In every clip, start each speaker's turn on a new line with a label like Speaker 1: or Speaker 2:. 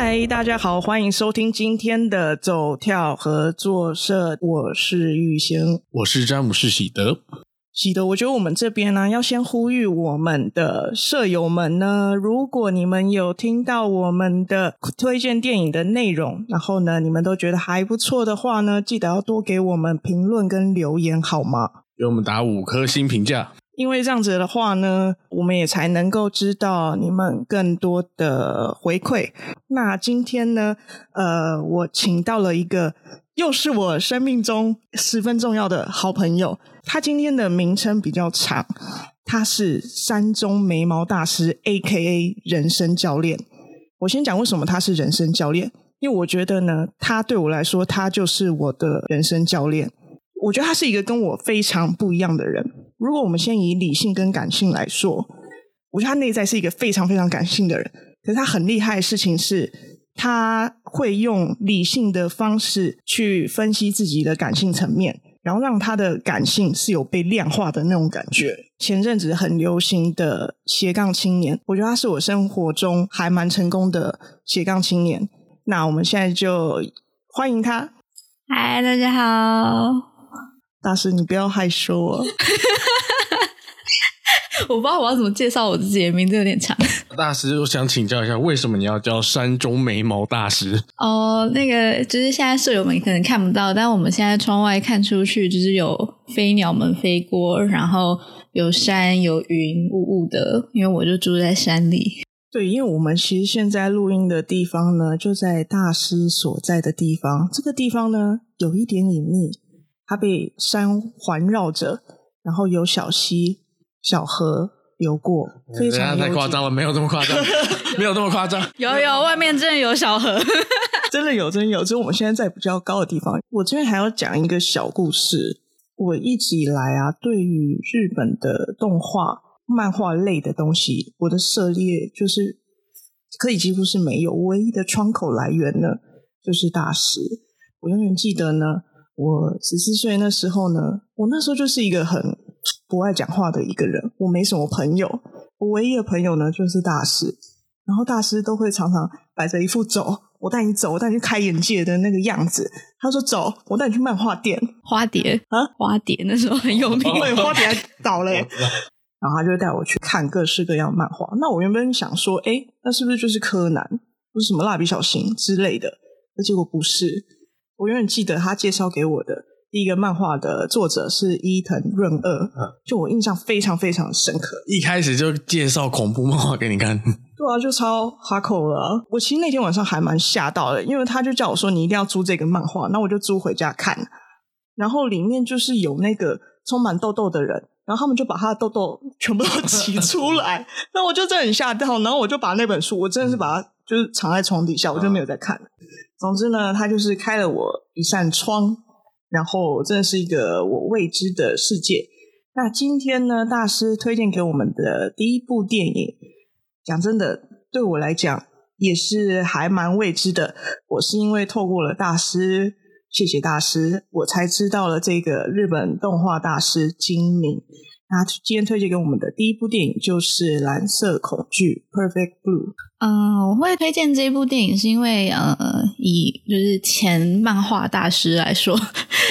Speaker 1: 嗨，大家好，歡迎收聽今天的走跳合作社。我是玉興，我是詹姆士喜德。喜德，我覺得我們這邊呢、啊，要先呼籲我們的社友們呢，如果你們有聽到我們的推薦電影的內容，然後呢，你們都覺得還不錯的話呢，記得要多給我們評論跟留言，好嗎？給我們打五顆星評價。因為這樣子的話呢，我們也才能夠知道你們更多的回饋。那今天呢，呃，我請到了一個，又是我生命中十分重要的好朋友。他今天的名稱比較長，他是山中眉毛大師，aka 人生教練。我先講為什麼他是人生教練，因為我覺得呢，他對我來說，他就是我的人生教練。我覺得他是一個跟我非常不一樣的人。如果我們先以理性跟感性來說，我覺得他內在是一個非常非常感性的人。可是他很厲害的事情是，他會用理性的方式去分析自己的感性層面，然後讓他的感性是有被量化的那種感覺。前陣子很流行的斜槓青年，我覺得他是我生活中還蠻成功的斜槓青年。那我們現在就歡迎他。嗨，大家好。大師，你不要害羞哦。 我不知道我要怎麼介紹我自己，名字有點長。大師，我想請教一下，為什麼你要叫山中眉毛大師？
Speaker 2: 哦，那個就是現在舍友們可能看不到，但我們現在窗外看出去，就是有飛鳥們飛
Speaker 1: 過，然後有山有雲霧霧的，因為我就住在山裡。對，因為我們其實現在錄音的地方呢，就在大師所在的地方。這個地方呢，有一點隱秘。它被山環繞着，然後有小溪、小河流過，嗯、非常。太誇張了，沒有這麼誇張， 有沒有這麼誇張？有有，外面真的有小河， 真的有，真的有。只是我們現在在比較高的地方。我這邊還要講一個小故事。我一直以來啊，對於日本的動畫、漫畫類的東西，我的涉獵就是可以幾乎是沒有。唯一的窗口來源呢，就是大師。我永遠記得呢。我十四歲那時候呢，我那時候就是一個很不愛講話的一個人，我沒什麼朋友，我唯一的朋友呢就是大師，然後大師都會常常擺着一副走，我帶你走，我帶你去開眼界的那個樣子。他說走，我帶你去漫畫店，花蝶啊，花蝶那時候很有名， 對，花蝶還倒嘞， 然後他就帶我去看各式各樣漫畫。那我原本想說，哎、欸，那是不是就是柯南，不是什麼蠟筆小新之類的？那結果不是。我永遠記得他介紹給我的第一個漫畫的作者是伊藤潤二，就我印象非常非常深刻。一開始就介紹恐怖漫畫給你看，對啊，就超哈口了。我其實那天晚上還蠻嚇到的，因為他就叫我說你一定要租這個漫畫，那我就租回家看。然後裡面就是有那個充滿痘痘的人，然後他們就把他的痘痘全部都擠出來。那 我就真的很嚇到，然後我就把那本書，我真的是把它就是藏在床底下、嗯，我就沒有再看。總之呢，他就是開了我一扇窗，然後真的是一個我未知的世界。那今天呢，大師推薦給我們的第一部電影，講真的，對我來講也是還蠻未知的。我是因為透過了大師，謝謝大師，我才知道了這個日本動畫大師今敏。那今天推薦給我們的第一部電影就是《藍色恐懼》（Perfect Blue）。
Speaker 2: 嗯、呃，我會推薦這一部電影，是因為呃，以就是前漫畫大師來說，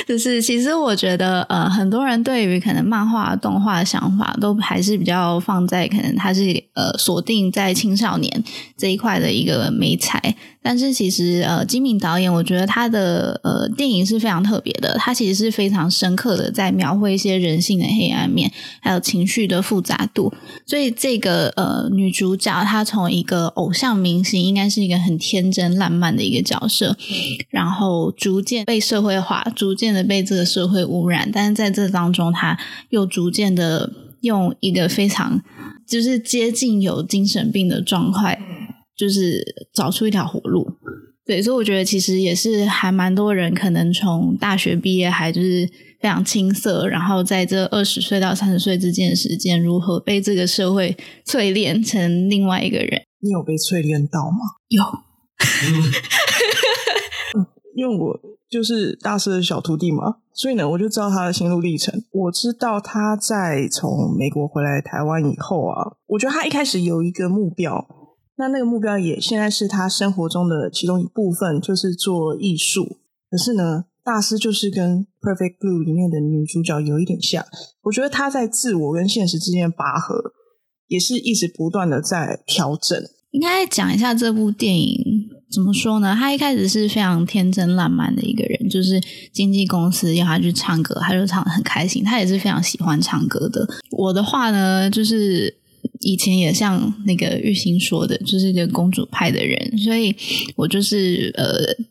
Speaker 2: 就是其實我覺得呃，很多人對於可能漫畫動畫的想法都還是比較放在可能它是呃鎖定在青少年這一塊的一個媒材，但是其實呃，金敏導演我覺得他的呃電影是非常特別的，他其實是非常深刻的在描繪一些人性的黑暗面，還有情緒的複雜度，所以這個呃女主角她從一個偶像明星應該是一個很天真爛漫的一個角色，然後逐漸被社會化，逐漸的被這個社會污染，但是在這當中，他又逐漸的用一個非常就是接近有精神病的狀態，就是找出一條活路。對，所以我覺得其實也是還蠻多人可能從大學畢業還就是非常青澀，然後在這二十歲到三十歲之間的時間，如何被這個社會淬煉成另外一個
Speaker 1: 人。你有被淬煉到嗎？有、 嗯，因為我就是大師的小徒弟嘛，所以呢，我就知道他的心路歷程。我知道他在從美國回來台灣以後啊，我覺得他一開始有一個目標，那那個目標也現在是他生活中的其中一部分，就是做藝術。可是呢，大師就是跟《Perfect Blue》裡面的女主角有一點像，我覺得他在自我跟現實之間拔河。也是一直不斷的在調整。
Speaker 2: 應該講一下這部電影，怎麼說呢？他一開始是非常天真爛漫的一個人，就是經紀公司要他去唱歌，他就唱得很開心。他也是非常喜歡唱歌的。我的話呢，就是。以前也像那個玉鑫說的，就是一個公主派的人，所以我就是呃，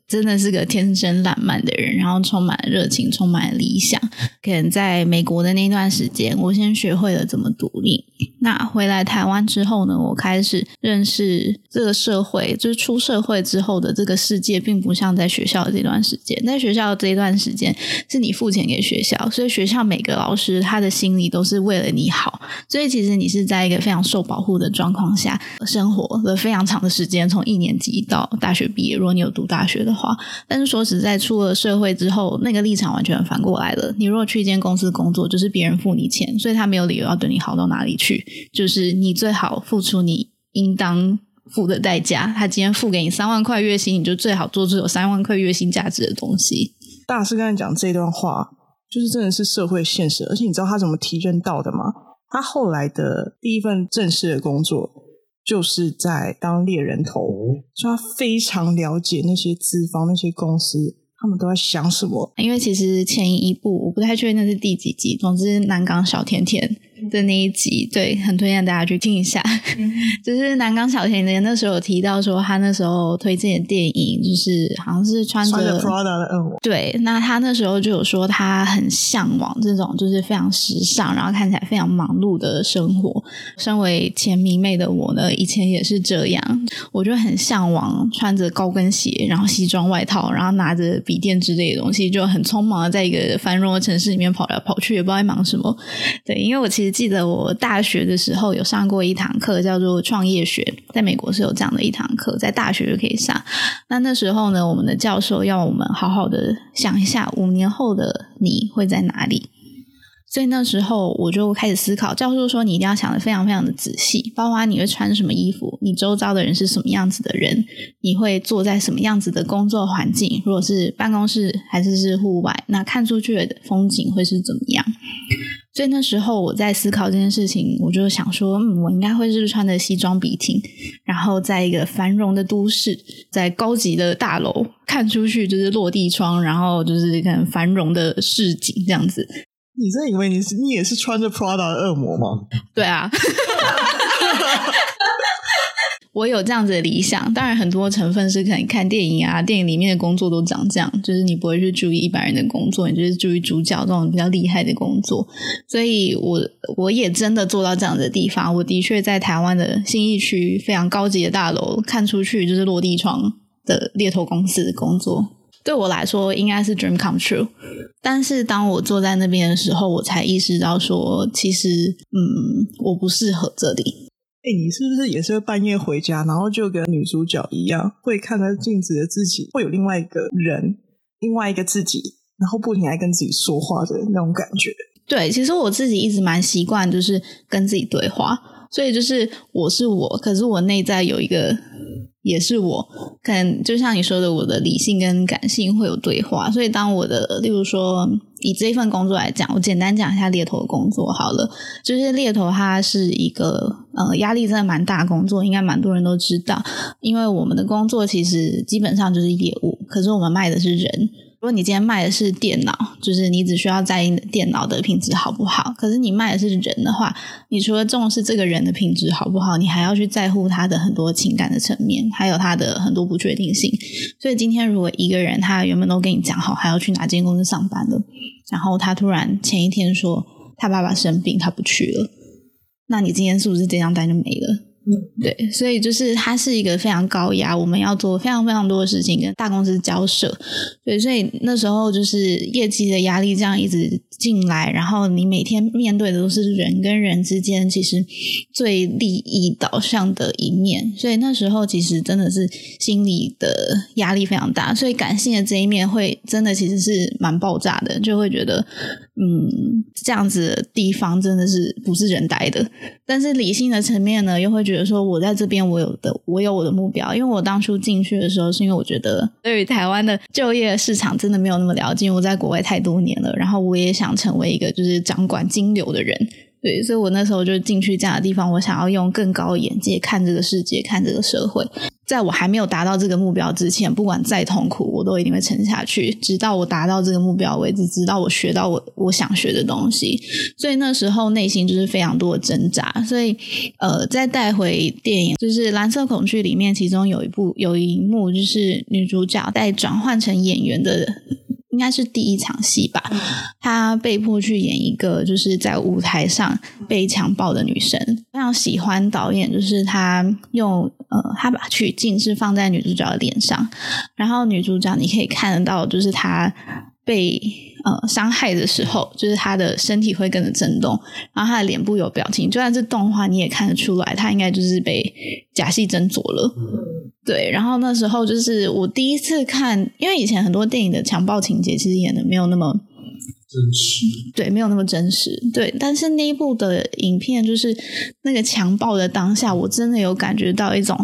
Speaker 2: 真的是個天真爛漫的人，然後充滿熱情，充滿理想。可能在美國的那段時間，我先學會了怎麼獨立。那回來台灣之後呢，我開始認識這個社會，就是出社會之後的這個世界，並不像在學校的這段時間。在學校的這段時間，是你付錢給學校，所以學校每個老師他的心裡都是為了你好。所以其實你是在一個非常。受保護的狀況下生活了非常長的時間，從一年級到大學畢業。如果你有讀大學的話，但是說實在，出了社會之後，那個立場完全反過來了。你如果去一間公司工作，就是別人付你錢，所以他沒有理由要對你好到哪裡去。就是你最好付出你應當付的代價。他今天付給你三萬塊月薪，你就最好做出有三萬塊月薪價
Speaker 1: 值的東西。大師剛才講這段話，就是真的是社會現實，而且你知道他怎麼提煉到的嗎？他後來的第一份正式的工作，就是在當獵人頭，所以他非常了解那些資方、那些公司，他們都在想什麼。因為其實前一部我不太確定那是第幾集，總之南
Speaker 2: 港小甜甜。的那一集，對，很推薦大家去聽一下。嗯、 就是南港小甜甜那時候有提到說，他那時候推薦的電影，就是好像是穿着，穿着對。那他那時候就有說，他很向往這種就是非常時尚，然後看起來非常忙碌的生活。身為前迷妹的我呢，以前也是這樣，我就很向往穿着高跟鞋，然後西裝外套，然後拿着筆電之類的東西，就很匆忙的在一個繁榮的城市裡面跑來跑去，也不知道在忙什麼。對，因為我其實。記得我大學的時候有上過一堂課，叫做創業學，在美國是有這樣的一堂課，在大學就可以上。那那時候呢，我們的教授要我們好好的想一下五年後的你會在哪裡。所以那時候我就開始思考，教授說，你一定要想的非常非常的仔細，包括你會穿什麼衣服，你周遭的人是什麼樣子的人，你會坐在什麼樣子的工作環境，如果是辦公室還是是戶外，那看出去的風景會是怎麼樣。所以那時候我在思考這件事情，我就想說，嗯，我應該會是穿着西裝筆挺，然後在一個繁榮的都市，在高級的大樓看出去就是落地窗，然後就是很繁榮的市景這樣子。
Speaker 1: 你真以為你是你也是穿着 Prada 的惡魔嗎？
Speaker 2: 對啊。 我有這樣子的理想，當然很多成分是可能看電影啊，電影裡面的工作都長這樣，就是你不會去注意一般人的工作，你就是注意主角這種比較厲害的工作。所以我，我我也真的做到這樣子的地方，我的確在台灣的信義區非常高級的大樓看出去就是落地窗的獵頭公司的工作，對我來說應該是 dream come true。但是，當我坐在那邊的時候，我才意識到
Speaker 1: 說，其實，嗯，我不適合這裡。哎、欸，你是不是也是半夜回家，然後就跟女主角一樣，會看着鏡子的自己，會有另外一個人，另外一個自己，然後不停地跟自己說話的那種感覺？
Speaker 2: 對，其實我自己一直蠻習慣，就是跟自己對話，所以就是我是我，可是我內在有一個也是我，可能就像你說的，我的理性跟感性會有對話，所以當我的，例如說。以這一份工作來講，我簡單講一下獵頭的工作好了。就是獵頭，它是一個呃壓力真的蠻大的工作，應該蠻多人都知道。因為我們的工作其實基本上就是業務，可是我們賣的是人。如果你今天賣的是電腦，就是你只需要在意電腦的品質好不好。可是你賣的是人的話，你除了重視這個人的品質好不好，你還要去在乎他的很多情感的層面，還有他的很多不確定性。所以今天如果一個人他原本都跟你講好，還要去哪間公司上班了，然後他突然前一天說他爸爸生病，他不去了，那你今天是不是這張單就沒了？嗯，對，所以就是它是一個非常高壓，我們要做非常非常多的事情，跟大公司交涉，對，所以那時候就是業績的壓力這樣一直進來，然後你每天面對的都是人跟人之間其實最利益導向的一面，所以那時候其實真的是心理的壓力非常大，所以感性的這一面會真的其實是蠻爆炸的，就會覺得嗯，這樣子的地方真的是不是人待的，但是理性的層面呢，又會覺得。比如說，我在這邊，我有的，我有我的目標。因為我當初進去的時候，是因為我覺得對於台灣的就業市場真的沒有那麼了解。我在國外太多年了，然後我也想成為一個就是掌管金流的人。對，所以我那時候就進去這樣的地方，我想要用更高的眼界看這個世界，看這個社會。在我還沒有達到這個目標之前，不管再痛苦，我都一定會撐下去，直到我達到這個目標為止，直到我學到我我想學的東西。所以那時候內心就是非常多的掙扎。所以，呃，再帶回電影，就是《藍色恐懼》裡面，其中有一部有一幕，就是女主角帶轉換成演員的人。應該是第一場戲吧，她被迫去演一個就是在舞台上被強暴的女生。非常喜歡導演，就是他用呃，他把取景是放在女主角的臉上，然後女主角你可以看得到，就是她。被呃傷害的時候，就是他的身體會跟着震動，然後他的臉部有表情，就算是動畫你也看得出來，他應該就是被假戲真做了。嗯。對，然後那時候就是我第一次看，因為以前很多電影的強暴情節其實演的沒有那麼真實，對，沒有那麼真實，對。但是那一部的影片就是那個強暴的當下，我真的有感覺到一種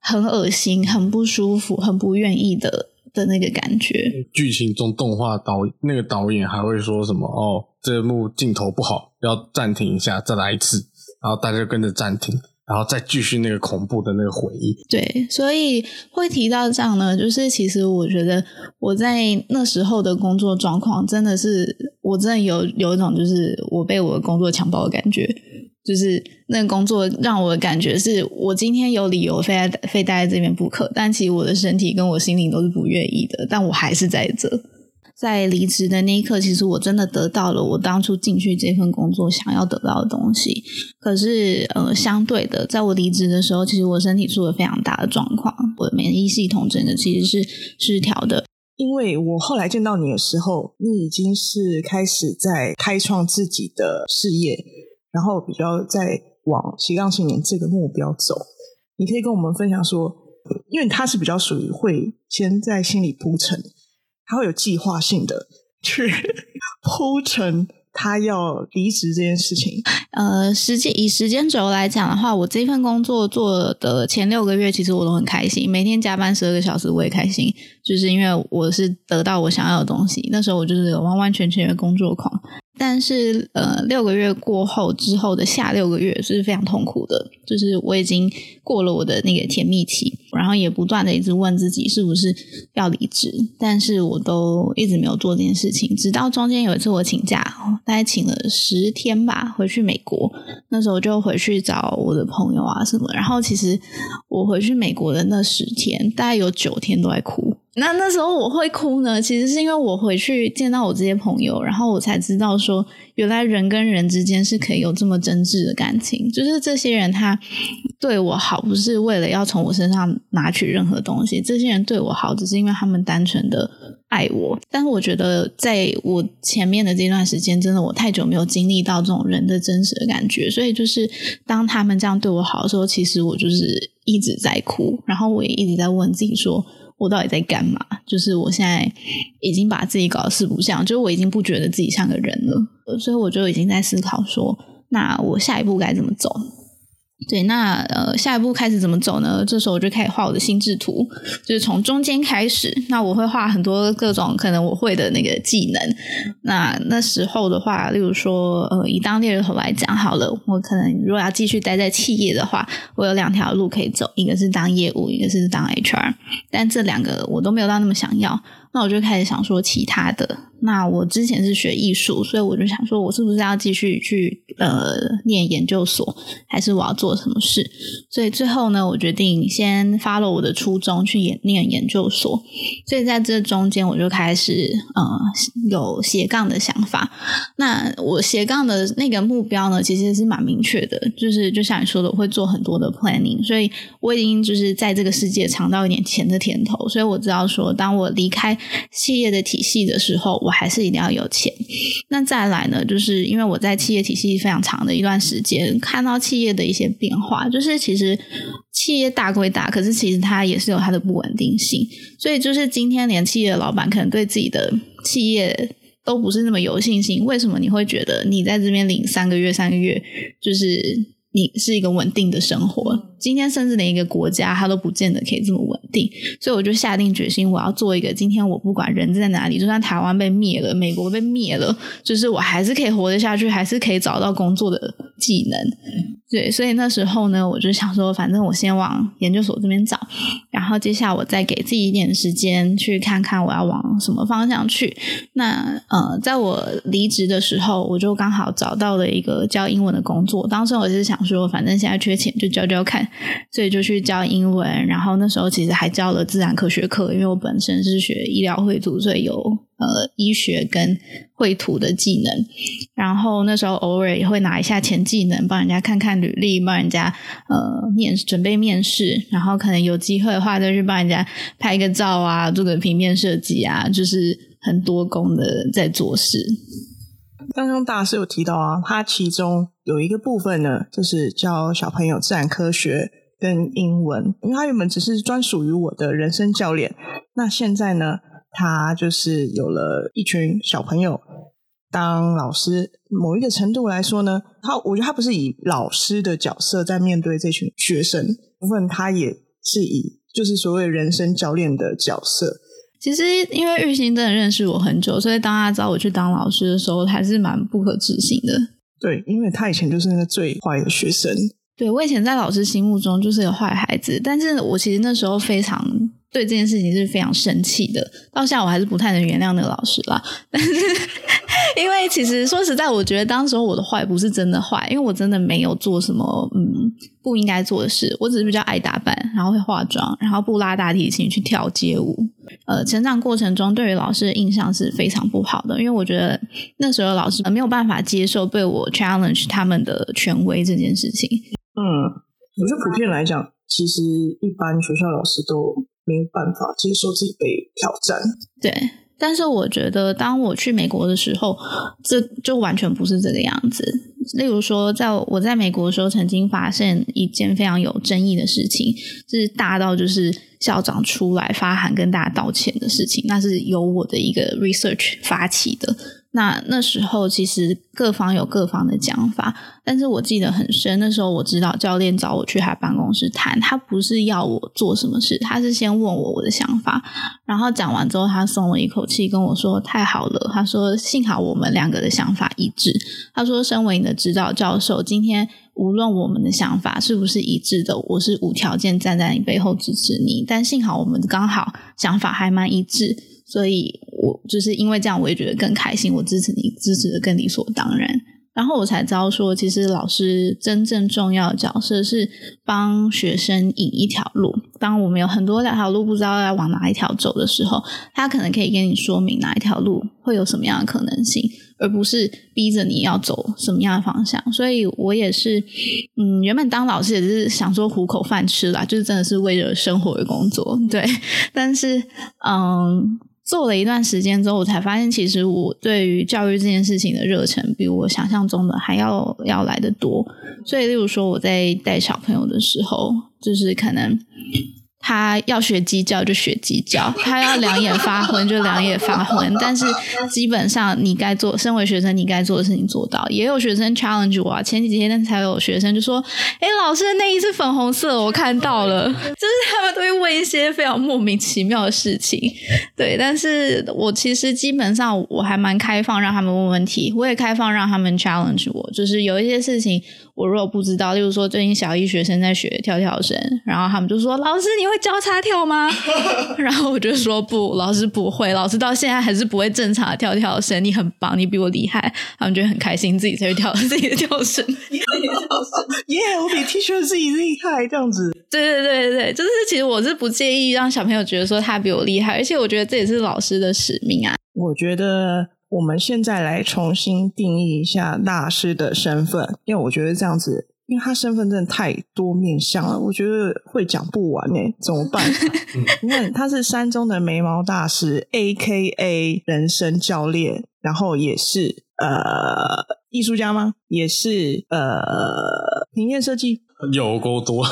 Speaker 2: 很惡心、很不舒服、很不願意的。的那個感覺，
Speaker 1: 劇情中動畫導演，那個導演還會說什麼？哦，這一幕鏡頭不好，要暫停一下，再來一次，然後大家就跟着暫停，然後再繼續那個恐怖的那個回憶。
Speaker 2: 對，所以會提到這樣呢，就是其實我覺得我在那時候的工作狀況，真的是我真的有有一種就是我被我的工作強暴的感覺。就是那個工作讓我的感覺是我今天有理由非在非待在這邊不可，但其實我的身體跟我心靈都是不願意的，但我還是在這。在離職的那一刻，其實我真的得到了我當初進去這份工作想要得到的東西。可是，呃，相對的，在我離職的時候，其實我身體出
Speaker 1: 了非常大的狀況，我的免疫系統真的其實是失調的。因為我後來見到你的時候，你已經是開始在開創自己的事業。然後比較再往斜槓青年這個目標走，你可以跟我們分享說，因為他是比較屬於會先在心裡鋪陳，他會有計劃性的去鋪陳他要離職這件
Speaker 2: 事情。呃，時間以時間軸來講的話，我這份工作做的前六個月，其實我都很開心，每天加班十二個小時，我也開心，就是因為我是得到我想要的東西。那時候我就是有完完全全的工作狂。但是，呃，六個月過後之後的下六個月是非常痛苦的，就是我已經過了我的那個甜蜜期，然後也不斷的一直問自己是不是要離職，但是我都一直沒有做這件事情。直到中間有一次我請假，大概請了十天吧，回去美國，那時候就回去找我的朋友啊什麼，然後其實我回去美國的那十天，大概有九天都在哭。那那時候我會哭呢，其實是因為我回去見到我這些朋友，然後我才知道說，原來人跟人之間是可以有這麼真摯的感情。就是這些人他對我好，不是為了要從我身上拿取任何東西，這些人對我好，只是因為他們單純的愛我。但是我覺得，在我前面的這段時間，真的我太久沒有經歷到這種人的真實的感覺，所以就是當他們這樣對我好的時候，其實我就是一直在哭，然後我也一直在問自己說，我到底在幹嘛？就是我現在已經把自己搞得四不像，就是我已經不覺得自己像個人了，嗯，所以我就已經在思考說，那我下一步該怎麼走？對，那呃，下一步開始怎麼走呢？這時候我就開始畫我的心智圖，就是從中間開始。那我會畫很多各種可能我會的那個技能。那那時候的話，例如說，呃，以當獵人頭來講好了，我可能如果要繼續待在企業的話，我有兩條路可以走，一個是當業務，一個是當 HR。但這兩個我都沒有到那麼想要，那我就開始想說其他的。那我之前是學藝術，所以我就想說，我是不是要繼續去呃念研究所，還是我要做什麼事？所以最後呢，我決定先 follow 我的初衷去研念研究所。所以在這中間，我就開始呃有斜槓的想法。那我斜槓的那個目標呢，其實是蠻明確的，就是就像你說的，我會做很多的 planning。所以我已經就是在這個世界嘗到一點錢的甜頭，所以我知道說，當我離開企業的體系的時候，還是一定要有錢。那再來呢？就是因為我在企業體系非常長的一段時間，看到企業的一些變化，就是其實企業大歸大，可是其實它也是有它的不穩定性。所以就是今天連企業的老闆可能對自己的企業都不是那麼有信心，為什麼你會覺得你在這邊領三個月、三個月，就是你是一個穩定的生活？今天，甚至連一個國家，它都不見得可以這麼穩定，所以我就下定決心，我要做一個今天，我不管人在哪裡，就算台灣被滅了，美國被滅了，就是我還是可以活得下去，還是可以找到工作的技能。對，所以那時候呢，我就想說，反正我先往研究所這邊找，然後接下來我再給自己一點時間，去看看我要往什麼方向去。那呃，在我離職的時候，我就剛好找到了一個教英文的工作。當時我就想說，反正現在缺錢，就教教看，所以就去教英文。然後那時候其實還教了自然科學課，因為我本身是學醫療繪圖，所以有。呃，醫學跟繪圖的技能，然後那時候偶爾也會拿一下前技能，幫人家看看履歷，幫人家呃面準備面試，然後可能有機會的話，就是幫人家拍個照啊，做個平面設計啊，就是很多工的在做事。
Speaker 1: 剛剛大師有提到啊，他其中有一個部分呢，就是教小朋友自然科學跟英文，因為他原本只是專屬於我的人生教練，那現在呢？他就是有了一群小朋友當老師，某一個程度來說呢，他我覺得他不是以老師的角色在面對這群學生，部分他也是以就是所謂人生教練的角色。其實因為玉興真的
Speaker 2: 認識我很久，所以當他找我去當老師的時候，還是蠻不可置信的。
Speaker 1: 對，因為他以前就是那個最壞的學生。
Speaker 2: 對，我以前在老師心目中就是一個壞孩子，但是我其實那時候非常。對這件事情是非常生氣的，到現在我還是不太能原諒那個老師啦。但是，因為其實說實在，我覺得當時候我的壞不是真的壞，因為我真的沒有做什麼，嗯，不應該做的事。我只是比較愛打扮，然後會化妝，然後不拉大提琴去跳街舞。呃，成長過程中對於老師的印象是非常不好的，因為我覺得那時候老師，呃，沒有辦法接受被我 challenge 他們的權威這件事情。
Speaker 1: 嗯，我覺得普遍來講，其實一般學校老師都。沒辦法接受自己被挑戰，
Speaker 2: 對。但是我覺得，當我去美國的時候，這就完全不是這個樣子。例如說，在我在美國的時候，曾經發現一件非常有爭議的事情，是大到就是校長出來發函跟大家道歉的事情，那是由我的一個 research 發起的。那那時候其實各方有各方的講法，但是我記得很深。那時候，我指導教練找我去他辦公室談，他不是要我做什麼事，他是先問我我的想法，然後講完之後，他鬆了一口氣，跟我說：“太好了。”他說：“幸好我們兩個的想法一致。”他說：“身為你的指導教授，今天無論我們的想法是不是一致的，我是無條件站在你背後支持你。但幸好我們剛好想法還蠻一致，所以。”我就是因為這樣，我也覺得更開心。我支持你，支持得更理所當然。然後我才知道說，其實老師真正重要的角色是幫學生引一條路。當我們有很多條路不知道要往哪一條走的時候，他可能可以跟你說明哪一條路會有什麼樣的可能性，而不是逼着你要走什麼樣的方向。所以我也是，嗯，原本當老師也是想說糊口飯吃啦，就是真的是為了生活的工作。對，但是，嗯。做了一段時間之後，我才發現，其實我對於教育這件事情的熱忱，比我想象中的還要要來得多。所以，例如說我在帶小朋友的時候，就是可能。他要學雞叫就學雞叫，他要兩眼發昏就兩眼發昏， 但是基本上你該做，身為學生你該做的事情做到。也有學生 challenge 我，啊，前幾天才有學生就說：“誒、欸、老師的內衣是粉紅色，我看到了。 ”就是他們都會問一些非常莫名其妙的事情，對。但是我其實基本上我還蠻開放，讓他們問問題，我也開放讓他們 challenge 我，就是有一些事情。我如果不知道，例如說最近小一學生在學跳跳繩，然後他們就說：“老師，你會交叉跳嗎？” 然後我就說：“不，老師不會，老師到現在還是不會正常的跳跳繩。”你很棒，你比我厲害。他們覺得很開心，自己才會跳
Speaker 1: 自己的跳繩。耶、 yeah,，老師，yeah, 我比 teacher 自己厲害，這樣子。對對對對對，
Speaker 2: 就是其實我是不介意讓小朋友覺得說他比我厲害，而且我覺得這也是老師的使命啊。
Speaker 1: 我覺得。我們現在來重新定義一下大師的身份，因為我覺得這樣子，因為他身份真的太多面相了，我覺得會講不完哎，怎麼辦？ 你看他是山中的眉毛大師，A K A 人生教練，然後也是呃藝術家嗎？也是呃平面設計？有夠多，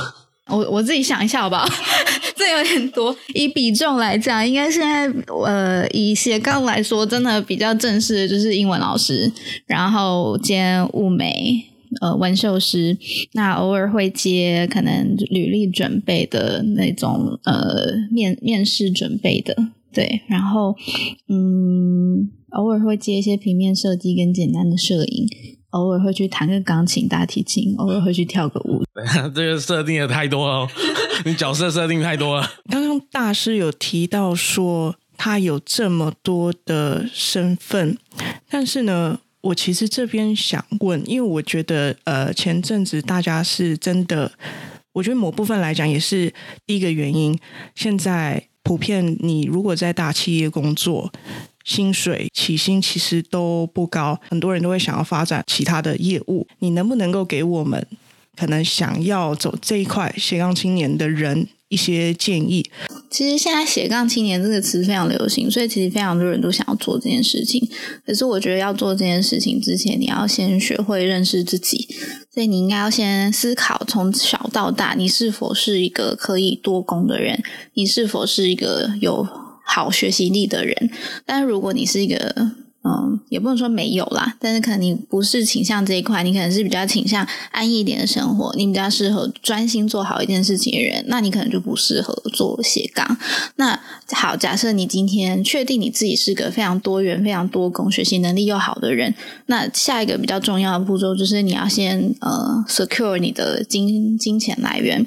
Speaker 1: 我我自己想一下好不
Speaker 2: 好？ 有點多，以比重來講，應該現在呃，以斜槓來說，真的比較正式的就是英文老師，然後兼霧眉，呃，紋繡師，那偶爾會接可能履歷準備的那種，呃，面面試準備的，對，然後嗯，偶爾會接一些平面設計跟簡單的攝影，偶爾會去彈個
Speaker 1: 鋼琴、大提琴，偶爾會去跳個舞。這個設定也太多了哦。 你角色設定太多了。剛剛大師有提到說他有這麼多的身份，但是呢，我其實這邊想問，因為我覺得，呃，前陣子大家是真的，我覺得某部分來講也是第一個原因。現在普遍，你如果在大企業工作，薪水起薪其實都不高，很多人都會想要發展其他的業務。你能不能夠給我們？可能想要走這一塊斜槓青年的人一些建議。其實現在斜槓青年這個詞非常流行，所以其實非常多人都
Speaker 2: 想要做這件事情。可是我覺得要做這件事情之前，你要先學會認識自己，所以你應該要先思考從小到大你是否是一個可以多工的人，你是否是一個有好學習力的人。但如果你是一個嗯，也不能說沒有啦，但是可能你不是傾向這一塊，你可能是比較傾向安逸一點的生活，你比較適合專心做好一件事情的人，那你可能就不適合做斜槓。那好，假設你今天確定你自己是個非常多元、非常多工、學習能力又好的人，那下一個比較重要的步驟就是你要先呃 secure 你的金金錢來源，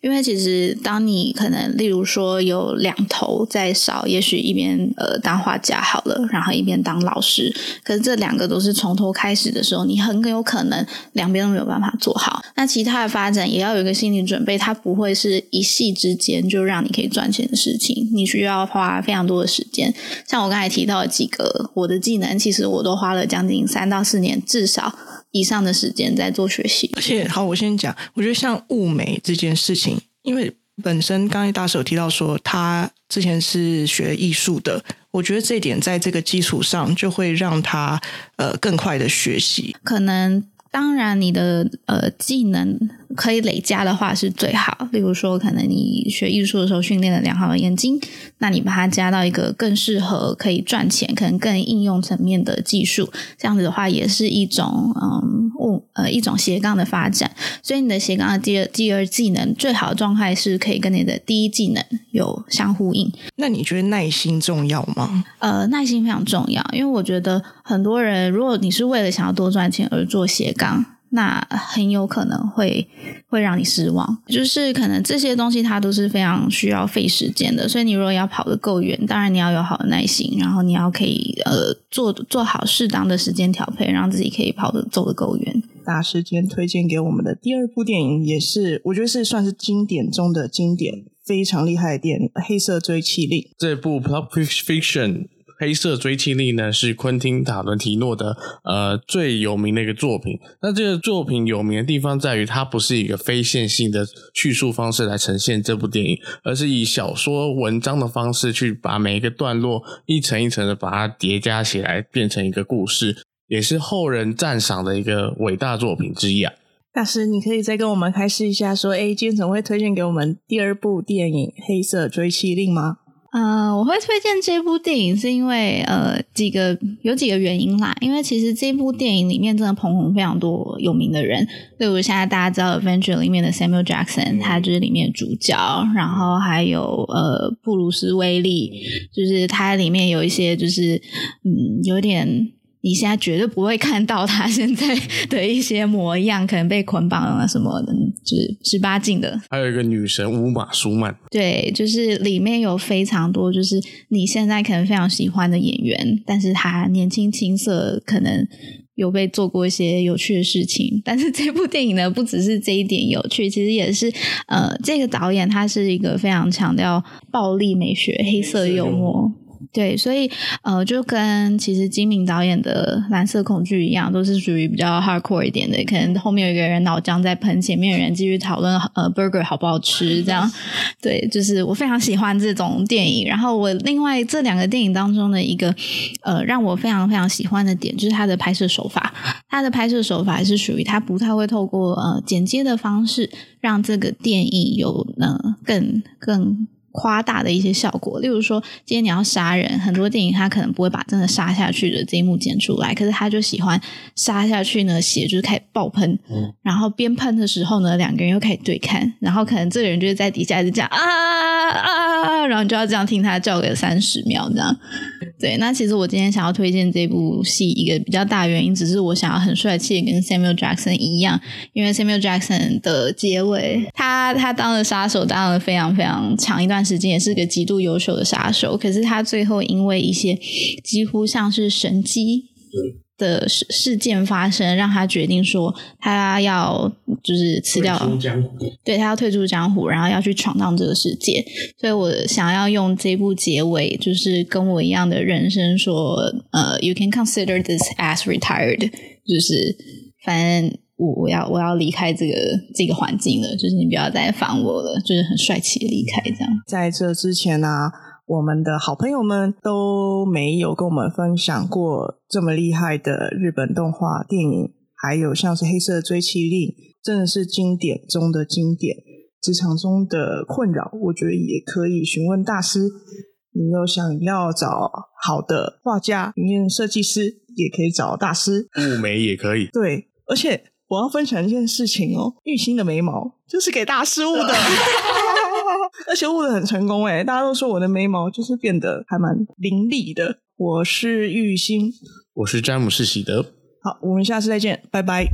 Speaker 2: 因為其實當你可能例如說有兩頭在燒，也許一邊呃當畫家好了，然後一邊當老。老師，可是這兩個都是從頭開始的時候，你很有可能兩邊都沒有辦法做好。那其他的發展也要有一個心理準備，它不會是一夕之間就讓你可以賺錢的事情，你需要花非常多的時間。像我剛才提到的幾個我的技能，其實我都花了將近三到四年至少以上的時間
Speaker 1: 在做學習。而且，好，我先講，我覺得像霧眉這件事情，因為本身剛才大師有提到說，他之前是學藝術的。我覺得這一點在這個基礎上，就會讓他呃更快的學習。
Speaker 2: 可能當然你的呃技能。可以累加的話是最好，例如說，可能你學藝術的時候訓練了良好的眼睛，那你把它加到一個更適合可以賺錢、可能更應用層面的技術，這樣子的話也是一種嗯、物、哦、呃一種斜槓的發展。所以你的斜槓的第二第二技能最好的狀態是可以跟你的第一技能有相呼應。那你覺得耐心重要嗎？呃，耐心非常重要，因為我覺得很多人，如果你是為了想要多賺錢而做斜槓。那很有可能會會讓你失望，就是可能這些東西它都是非常需要費時間的，所以你如果要跑得夠遠，當然你要有好的耐心，然後你要可以呃做做好適
Speaker 1: 當的時間調配，讓自己可以跑得走得夠遠。大師間推薦給我們的第二部電影也是，我覺得是算是經典中的經典，非常厲害的電影《黑色追緝令》這部 Pulp Fiction。《黑色追緝令》呢，是昆汀·塔倫提諾的呃最有名的一個作品。那這個作品有名的地方在於，它不是一個非線性的敘述方式來呈現這部電影，而是以小說文章的方式去把每一個段落一層一層的把它疊加起來，變成一個故事，也是後人讚賞的一個偉大作品之一啊。大師，你可以再跟我們開示一下說，說、欸、哎，今天怎麼會推薦給我們第二部電影《黑色追緝令》嗎？呃、uh，我會推薦這部電影，是因為呃
Speaker 2: 幾個有幾個原因啦。因為其實這部電影裡面真的捧紅非常多有名的人，例如現在大家知道《Avengers》裡面的 Samuel Jackson，他就是裡面主角，然後還有呃布魯斯威利，就是他裡面有一些就是嗯有點。你現在絕對不會看到他現在的一些模樣，可能被捆綁了什麼的，就是十八禁的。
Speaker 1: 還有一個女神烏瑪·舒曼，
Speaker 2: 對，就是裡面有非常多就是你現在可能非常喜歡的演員，但是他年輕青澀，可能有被做過一些有趣的事情。但是這部電影呢，不只是這一點有趣，其實也是呃，這個導演他是一個非常強調暴力美學、黑色幽默。對，所以呃，就跟其實金敏導演的《藍色恐懼》一樣，都是屬於比較 hardcore 一點的。可能後面有一個人腦漿在噴，前面人繼續討論呃 burger 好不好吃這樣對。對，就是我非常喜歡這種電影。然後我另外這兩個電影當中的一個呃，讓我非常非常喜歡的點，就是他的拍攝手法。他的拍攝手法是屬於他不太會透過呃剪接的方式讓這個電影有呢更、呃、更。更誇大的一些效果，例如說，今天你要殺人，很多電影他可能不會把真的殺下去的這一幕剪出來，可是他就喜歡殺下去呢，血就是開始爆噴，嗯、然後邊噴的時候呢，兩個人又開始對看，然後可能這個人就是在底下一直講啊啊啊。啊啊然後你就要這樣聽他叫個三十秒這樣，對。那其實我今天想要推薦這部戲一個比較大原因，只是我想要很帥氣的跟 Samuel Jackson 一樣，因為 Samuel Jackson 的結尾，他他當了殺手，當了非常非常長一段時間，也是個極度優秀的殺手。可是他最後因為一些幾乎像是神蹟，的事事件發生，讓他決定說他要就是辭掉，對，他要退出江湖，然後要去闖蕩這個世界。所以我想要用這部結尾，就是跟我一樣的人生說，呃，uh，you can consider this as retired，就是反正我我要我要離開這個這個環境了，就是你不要再煩我了，就是很帥氣的離
Speaker 1: 開這樣。在這之前呢、啊。我們的好朋友們都沒有跟我們分享過這麼厲害的日本動畫電影，還有像是《黑色追緝令》，真的是經典中的經典。職場中的困擾，我覺得也可以詢問大師。你有想要找好的畫家、平面設計師，也可以找大師，霧眉也可以。對，而且我要分享一件事情哦，玉星的眉毛就是給大師霧的。 而且霧得很成功哎，大家都說我的眉毛就是變得還蠻凌厲的。我是玉心，我是詹姆斯喜德。好，我們下次再見，拜拜。